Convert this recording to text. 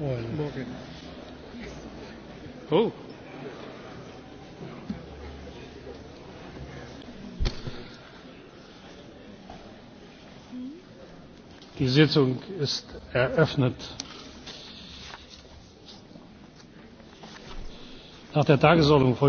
Morgen. Morgen. Oh. Die Sitzung ist eröffnet. Nach der Tagesordnung folgt